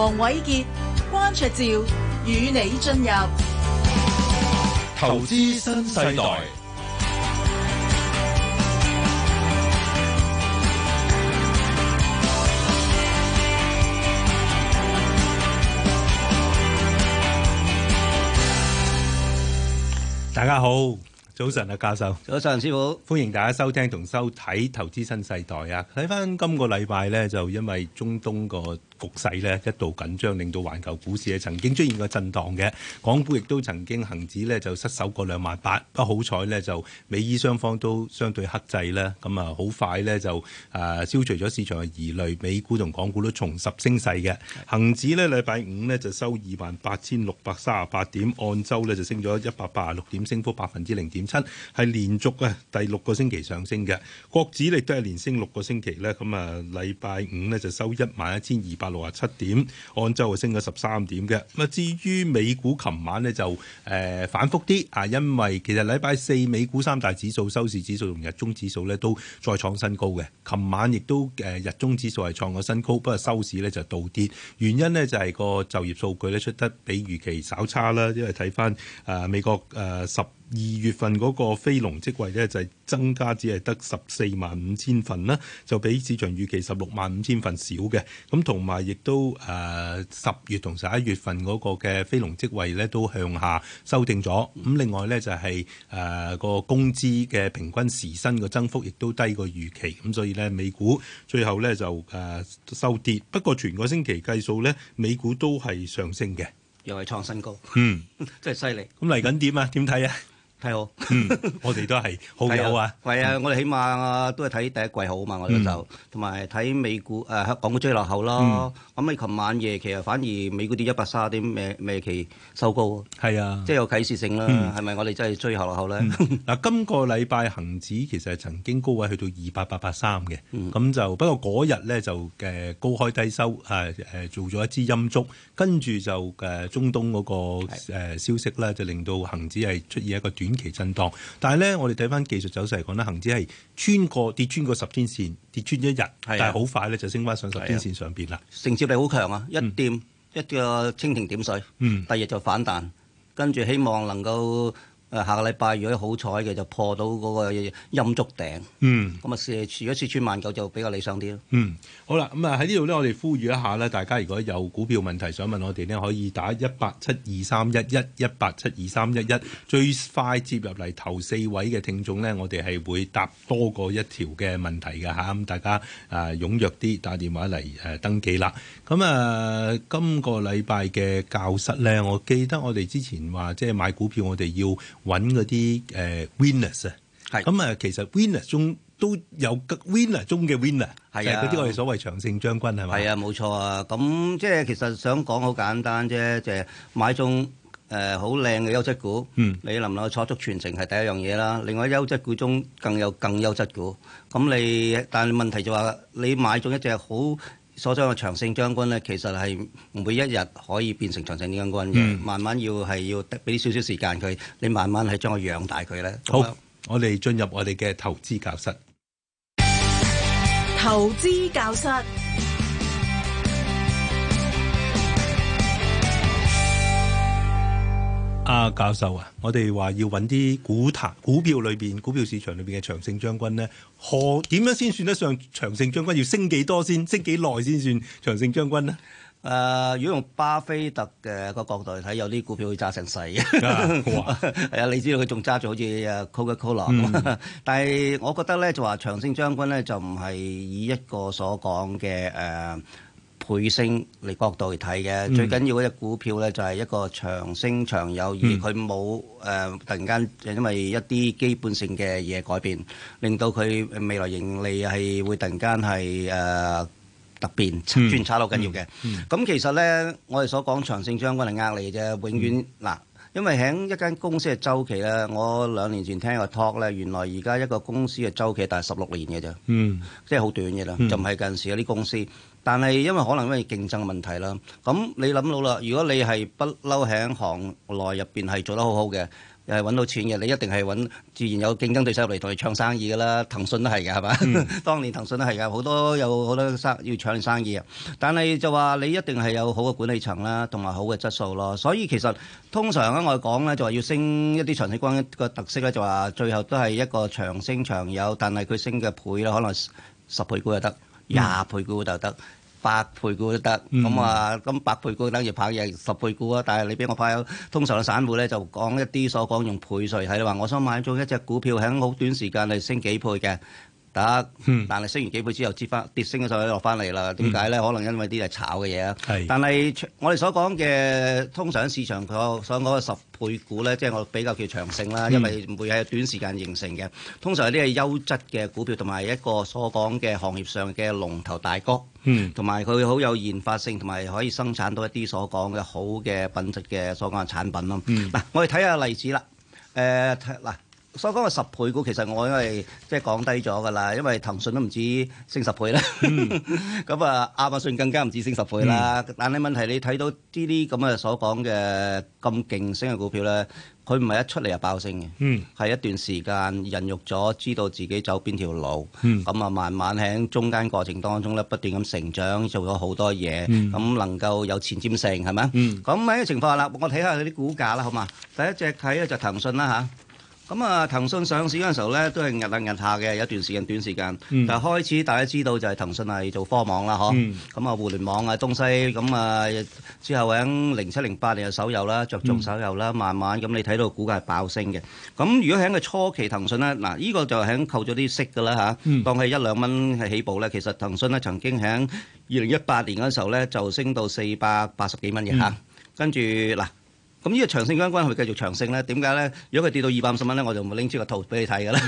王偉傑、關卓照與你進入投資新世代。大家好，早晨啊，教授，早晨師傅，歡迎大家收聽同收睇《投資新世代》啊！睇返今個禮拜呢，就因為中東個。局勢咧一度緊張，令到環球股市咧曾經出現過震盪嘅，港股亦都曾經恆指咧就失守過兩萬八，不好彩咧就美伊雙方都相對克制啦，咁啊好快咧就啊消除咗市場嘅疑慮，美股同港股都重拾升勢嘅，恆指咧禮拜五咧就收二萬八千六百三十八點，按周咧就升咗一百八十六點，升幅百分之零點七，係連續嘅第六個星期上升嘅，國指亦都係連升六個星期咧，咁啊禮拜五咧就收一萬一千二百六十七點，按周啊升咗十三點嘅。咁啊，至於美股琴晚呢就誒、呃、反覆啲啊，因為其實禮拜四美股三大指數收市指數同日中指數呢都再創新高嘅。琴晚亦都誒、呃、日中指數係創咗新高，不過收市呢就倒跌。原因呢就係、是、個就業數據呢出得比預期稍差啦，因為睇翻誒美國誒、呃、十二月份嗰個非農職位咧就係、是、增加，只係得十四萬五千份啦，就比市場預期十六萬五千份少嘅。咁同埋亦都誒十、呃、月同十一月份嗰個嘅非農職位咧都向下修訂咗。咁另外咧就係誒個工資嘅平均時薪嘅增幅亦都低過預期。咁所以咧美股最後咧就誒、呃、收跌，不過全個星期計數咧美股都係上升嘅，又係創新高。嗯， 真係犀利。咁嚟緊點啊？點睇啊？睇好，我哋都係好有啊！係啊，我哋起碼都係睇第一季好嘛，我哋就同埋睇美股誒，港股追落後咯。咁你琴晚夜期啊，反而美股跌一百三啊點咩咩期收高，係啊，即係有啟示性啦。係咪我哋真係追後落後咧？嗱，今個禮拜恆指其實曾經高位去到二八八八三嘅，咁就不過嗰日咧就誒高開低收，誒誒做咗一支陰燭，跟住就誒中東嗰個誒消息咧，就令到恆指係出現一個短。短期震盪，但係咧，我哋睇翻技術走勢嚟講咧，恒指係穿過跌穿過十天線，跌穿一日，但係好快咧就升翻上十天線上邊啦。承接力好強啊，一掂、嗯、一個蜻蜓點水，嗯，第二日就反彈，跟住希望能夠。誒下個禮拜，如果好彩嘅就破到嗰個陰燭頂，嗯，咁啊，if if 串萬九就比較理想啲咯。嗯，好啦，咁啊喺呢度呢，我哋呼籲一下呢。大家如果有股票問題想問我哋呢，可以打一八七二三一一一八七二三一一，最快接入嚟頭四位嘅聽眾呢，我哋係會答多過一條嘅問題嘅嚇，咁大家啊踴躍啲打電話嚟誒登記啦。咁啊、呃，今個禮拜嘅教室呢，我記得我哋之前話即係買股票，我哋要。揾嗰啲誒 winners 啊，咁啊其實 winners 中都有 winners 中嘅 winner，就係嗰啲我哋所謂長勝將軍係咪？係啊，冇錯啊。咁即係其實想講好簡單啫，就係買中誒好靚嘅優質股，你能唔能夠坐足全程係第一樣嘢啦。另外優質股中更有更優質股。咁你但係問題就話你買中一隻好。所講嘅長勝將軍咧，其實係每一日可以變成長勝將軍嘅。嗯、慢慢要係要俾少少時間佢，你慢慢係將佢養大佢咧。好，好吧，我哋進入我哋嘅投資教室。投資教室。阿、啊、教授啊，我哋話要揾啲股壇、股票裏邊、股票市場裏邊嘅長勝將軍咧，何點樣先算得上長勝將軍？要升幾多先？升幾耐先算長勝將軍呢？誒、呃，如果用巴菲特嘅個角度嚟睇，有啲股票佢揸成世嘅，係 啊，啊 你知道佢仲揸住好似 Coca Cola，但係我覺得咧，就話長勝將軍咧，就唔係以一個所講嘅誒。呃背升嚟角度去睇嘅，嗯、最緊要嗰隻股票呢，就係、是、一個長升長有餘，佢冇誒突然間，因為一啲基本性嘅嘢改變，令到佢未來盈利係會突然間係誒突變，轉差好緊要嘅。咁、嗯嗯嗯、其實呢，我哋所講長勝將軍嚟壓力就係永遠嗱。嗯因為喺一間公司嘅周期咧，我兩年前聽個 talk 咧，原來而家一個公司嘅周期大係十六年嘅啫，嗯、即係好短嘅啦，嗯、就唔係近時嗰啲公司。但係因為可能因為競爭問題啦，咁你諗到啦，如果你係不嬲喺行內入邊係做得好好嘅。誒，揾到錢嘅，你一定係揾自然有競爭對手入嚟同你搶生意噶啦，騰訊都係嘅，係嘛、嗯？ 當年騰訊都係嘅，好多有好多生要搶生意啊！但係就話你一定係有好嘅管理層啦，同埋好嘅質素咯。所以其實通常我哋講咧，就話要升一啲長升股嘅特色咧，就話最後都係一個長升長有，但係佢升嘅倍咧，可能十倍股就得，廿、嗯、倍股就得。百倍股都得，咁啊、嗯，咁百倍股等於跑贏十倍股啊，但係你俾我跑，通常嘅散戶咧就講一啲所講用倍數，係你話我想買咗一隻股票響好短時間嚟升幾倍嘅。得，但係升完幾倍之後跌翻跌升嘅時候落翻嚟啦。點解呢？嗯、可能因為啲係炒嘅嘢啊。是但係我哋所講嘅通常市場佢所講嘅十倍股呢，即係我比較叫長勝啦，嗯、因為唔會喺短時間形成嘅。通常係啲係優質嘅股票，同埋一個所講嘅行業上嘅龍頭大哥，同埋佢好有研發性，同埋可以生產到一啲所講嘅好嘅品質嘅所講嘅產品咯。嗱、嗯嗯，我哋睇下例子啦。誒、呃，嗱。所講嘅十倍股其實我因為即係講低咗㗎啦，因為騰訊都唔止升十倍啦，咁啊亞馬遜更加唔止升十倍啦。但係問題你睇到呢啲咁嘅所講嘅咁勁升嘅股票咧，佢唔係一出嚟就爆升嘅，係一段時間孕育咗，知道自己走邊條路，咁啊慢慢喺中間過程當中咧不斷咁成長，做咗好多嘢，咁能夠有前瞻性係咪？咁喺呢個情況下啦，我睇下佢啲股價啦，好嘛？第一隻睇咧就騰訊啦嚇。咁啊，騰訊上市嗰陣時候咧，都係日，日，日下日下嘅，一段時間短時間。但係、嗯、開始大家知道就係騰訊係做科網啦，嗬、嗯。咁啊，互聯網啊東西咁啊，之後喺零七零八年嘅手遊啦，着重手遊啦，慢慢咁你睇到股價係爆升嘅。咁如果喺個初期騰訊咧，嗱，呢個就喺扣咗啲息㗎啦吓，當係一兩蚊係起步咧。其實騰訊咧曾經喺二零一八年嗰時候咧，就升到四百八十幾蚊嘅吓，嗯、跟住嗱。咁呢個長勝將軍係咪繼續長勝咧？點解咧？如果佢跌到二百五十蚊咧，我就冇拎出個圖俾你睇㗎啦。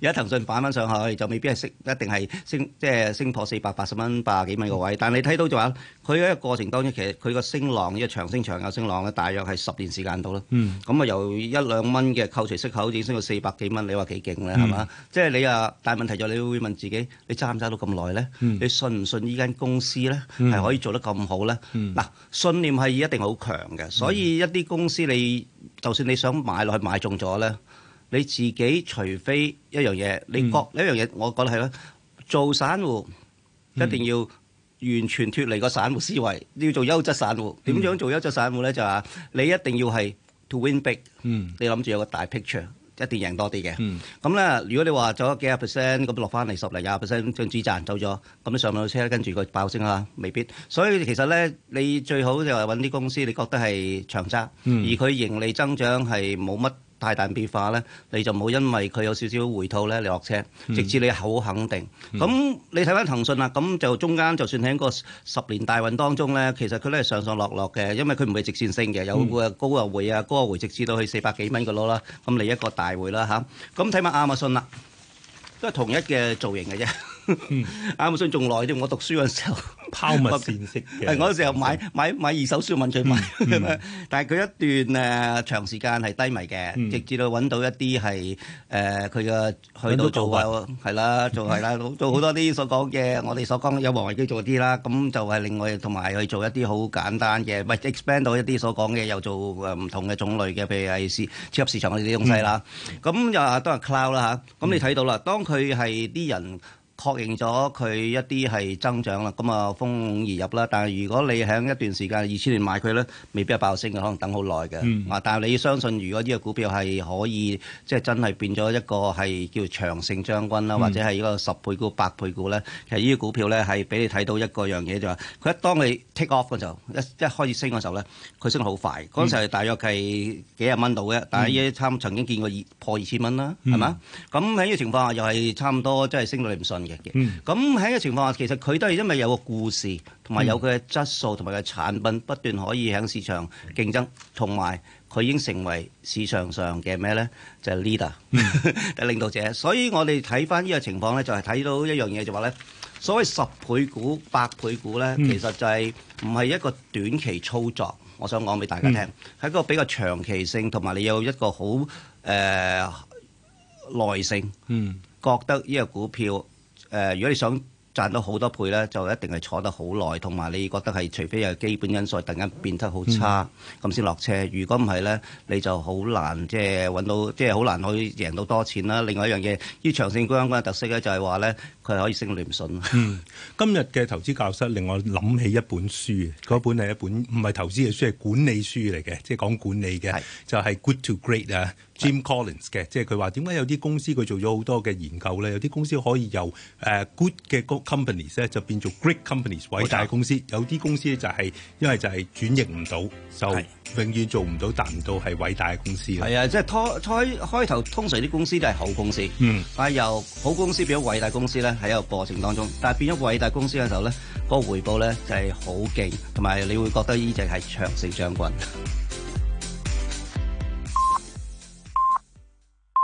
而家騰訊反翻上去就未必係升，一定係升，即係升破四百八十蚊八十幾蚊個位。但係你睇到就話，佢喺一個過程當中，其實佢個升浪，呢個長勝長嘅升浪咧，大約係十年時間到啦。咁啊，由一兩蚊嘅扣除息口，已升到四百幾蚊，你話幾勁咧？係嘛？即係你啊，大問題就你會問自己，你揸唔揸到咁耐咧？你信唔信呢間公司咧係可以做得咁好咧？嗱，信念係一定好強嘅，所以一。一啲公司，你就算你想買落去買中咗咧，你自己除非一樣嘢，嗯、你覺一樣嘢，我覺得係咧，做散戶一定要完全脫離個散戶思維，要做優質散戶。點、嗯、樣做優質散戶咧？就話、是、你一定要係 to win big，嗯，你諗住有個大 picture。一定贏多啲嘅，咁咧、嗯、如果你話走咗幾十 percent 咁落翻嚟十零廿 percent 將資賺走咗，咁上唔到車，跟住佢爆升啊？未必。所以其實咧，你最好就係揾啲公司，你覺得係長揸，而佢盈利增長係冇乜。大大變化咧，你就冇因為佢有少少回吐咧，你落車，直至你好肯定。咁、嗯、你睇翻騰訊啊，咁就中間就算喺個十年大運當中咧，其實佢咧係上上落落嘅，因為佢唔係直線升嘅，有高啊回啊，高啊回，直至到去四百幾蚊個囉啦，咁你一個大回啦嚇。咁睇埋亞馬遜啦，都係同一嘅造型嘅啫。啱冇信仲耐啲，我讀書嗰時候拋物線式嘅。我嗰時候買買買二手書問佢買，但係佢一段誒長時間係低迷嘅，直至到揾到一啲係誒佢嘅去到做係啦，做係啦，做好多啲所講嘅，我哋所講有黃維基做啲啦，咁就係另外同埋去做一啲好簡單嘅，唔係 expand 到一啲所講嘅，又做誒唔同嘅種類嘅，譬如係市切入市場嗰啲東西啦。咁又都係 cloud 啦嚇，咁你睇到啦，當佢係啲人。確認咗佢一啲係增長啦，咁啊蜂擁而入啦。但係如果你喺一段時間二千年買佢咧，未必係爆升嘅，可能等好耐嘅。啊、嗯，但係你要相信，如果呢個股票係可以即係、就是、真係變咗一個係叫長勝將軍啦，嗯、或者係呢個十倍股、百倍股咧，其實呢啲股票咧係俾你睇到一個樣嘢就話，佢一當你 take off 嗰陣，一一開始升嘅時候咧，佢升得好快。嗰陣係大約係幾廿蚊度嘅，但係呢啲差曾經見過二破二千蚊啦，係嘛？咁喺呢個情況下又係差唔多，即係升到你唔順，嘅，咁喺呢個情況下，其實佢都係因為有個故事，同埋有佢嘅質素，同埋佢嘅產品不斷可以喺市場競爭，同埋佢已經成為市場上嘅咩呢？就係 leader，領導者。所以我哋睇翻呢個情況呢，就係睇到一樣嘢，就話呢，所謂十倍股、百倍股呢，其實就係唔係一個短期操作。我想講俾大家聽，係一個比較長期性，同埋你有一個好誒耐性，覺得呢個股票。誒、呃，如果你想賺到好多倍咧，就一定係坐得好耐，同埋你覺得係除非有基本因素突然間變得好差，咁先落車。如果唔係咧，你就好難即係揾到，即係好難可以贏到多錢啦、啊。另外一樣嘢，依長勝將軍嘅特色咧，就係話咧，佢係可以升跌唔順。嗯，今日嘅投資教室令我諗起一本書，嗰本係一本唔係投資嘅書，係管理書嚟嘅，即係講管理嘅，是就係 Good to Great 啊。Jim Collins 嘅，即係佢話點解有啲公司，佢做咗好多嘅研究咧，有啲公司可以由誒、uh, good 嘅 companies 咧就變做 great companies 偉大公司，大有啲公司就係、係、因為就係轉型唔到，就永遠做唔到達唔到係偉大嘅公司。係啊，即係開開開頭通常啲公司都係好公司，嗯，但係由好公司變咗偉大公司咧，喺一個過程當中，但係變咗偉大公司嘅時候咧，個回報咧就係好勁，同埋你會覺得呢隻係長勝將軍。